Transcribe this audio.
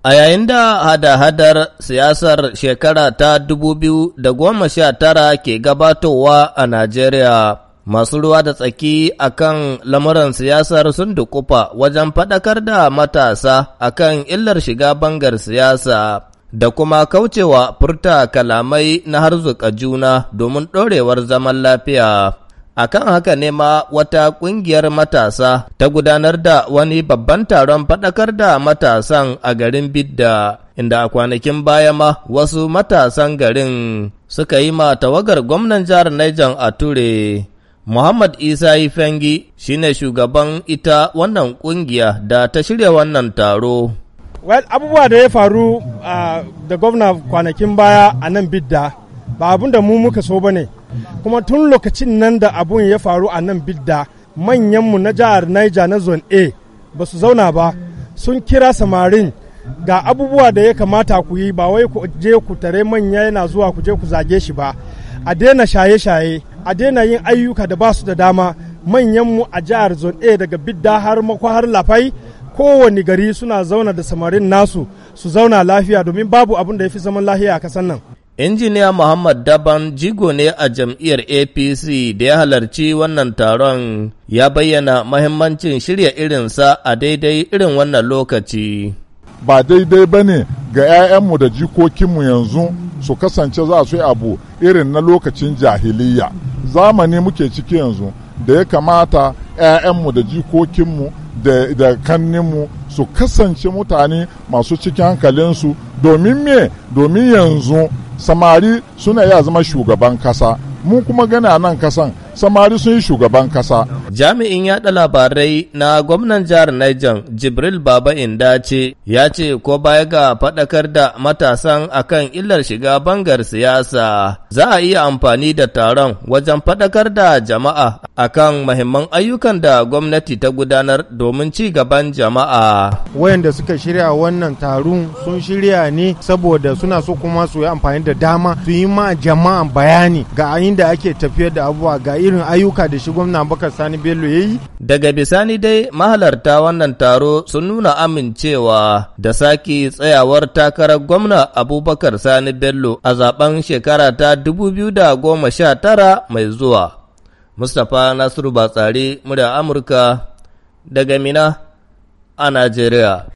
A yayin da hada-hadar siyasar shekara ta 2019 ke gabatowa a Najeriya, masu ruwa da tsaki a kan lamuran siyasar sun dukufa wajen faɗakar da matasa a kan illar shiga bangar siyasa da kuma kaucewa furta kalamai na harzuka juna domin ɗorewar zaman lafiya. Akan haka ne ma wata ƙungiyar matasa ta gudanar da wani babban taron faɗakar da matasan a garin Bidda, inda a kwanakin baya ma wasu matasan garin suka yi ma tawagar gwamnan jihar Niger a ture. Muhammad Isa Ifengi shi ne shugaban ita wannan ƙungiya da ta shirya wannan taro. Well, abubuwa da ya faru ah, da gwamna kwanakin baya a nan Bidda ba abin da mu muka so ba ne. kuma tun lokacin nan da abun ya faru a nan bidda manyanmu na jihar niger na zone a ba su zauna ba sun kira samarin ga abubuwa da ya kamata ku yi ba wai ku je ku tare manya yana zuwa ku je ku zage shi ba a daina shaye-shaye a daina yin ayyuka da ba su da dama manyanmu a jihar zone a daga bidda har makwa har lafai kowane gari suna zauna da samarin nasu su zauna lafiya domin babu abin da ya fi zaman lafiya a kasan nan Injiniya Muhammad Daban jigo ne a jam'iyyar APC da ya halarci wannan taron ya bayyana mahimmancin shirya irinsa a daidai irin wannan lokaci. Ba daidai ba ne ga 'ya'yanmu da jikokinmu yanzu su kasance za su yi abu irin na lokacin jahiliya. Zamani muke ciki yanzu da ya kamata 'ya'yanmu da jikokinmu da kanninmu su kasance mutane masu cikin hankalinsu domin me domin yanzu samari suna ya zama shugaban kasa mu kuma gana nan kasan samari sun yi shugaban kasa. Jami'in yaɗa labarai na gwamnan jihar Niger Jibril Baba Indace ya ce ko baya ga faɗakar da matasan akan illar shiga bangar siyasa za a iya amfani da taron wajen faɗakar da jama'a akan mahimman ayyukan da gwamnati ta gudanar domin ci gaban jama'a. Wayanda suka shirya wannan taron sun shirya ne saboda suna so kuma su yi amfani da dama su yi ma jama'a bayani ga inda ake tafiyar da abubuwa ga irin ayyuka da shi gwamna Bakar Sani Bello ya yi. Daga bisani dai mahalarta wannan taro sun nuna amincewa da sake tsayawar takarar gwamna Abubakar Sani Bello a zaben shekara ta 2019 mai zuwa. Mustapha Nasiru Batsari, murya Amurka, daga Mina a Najeriya.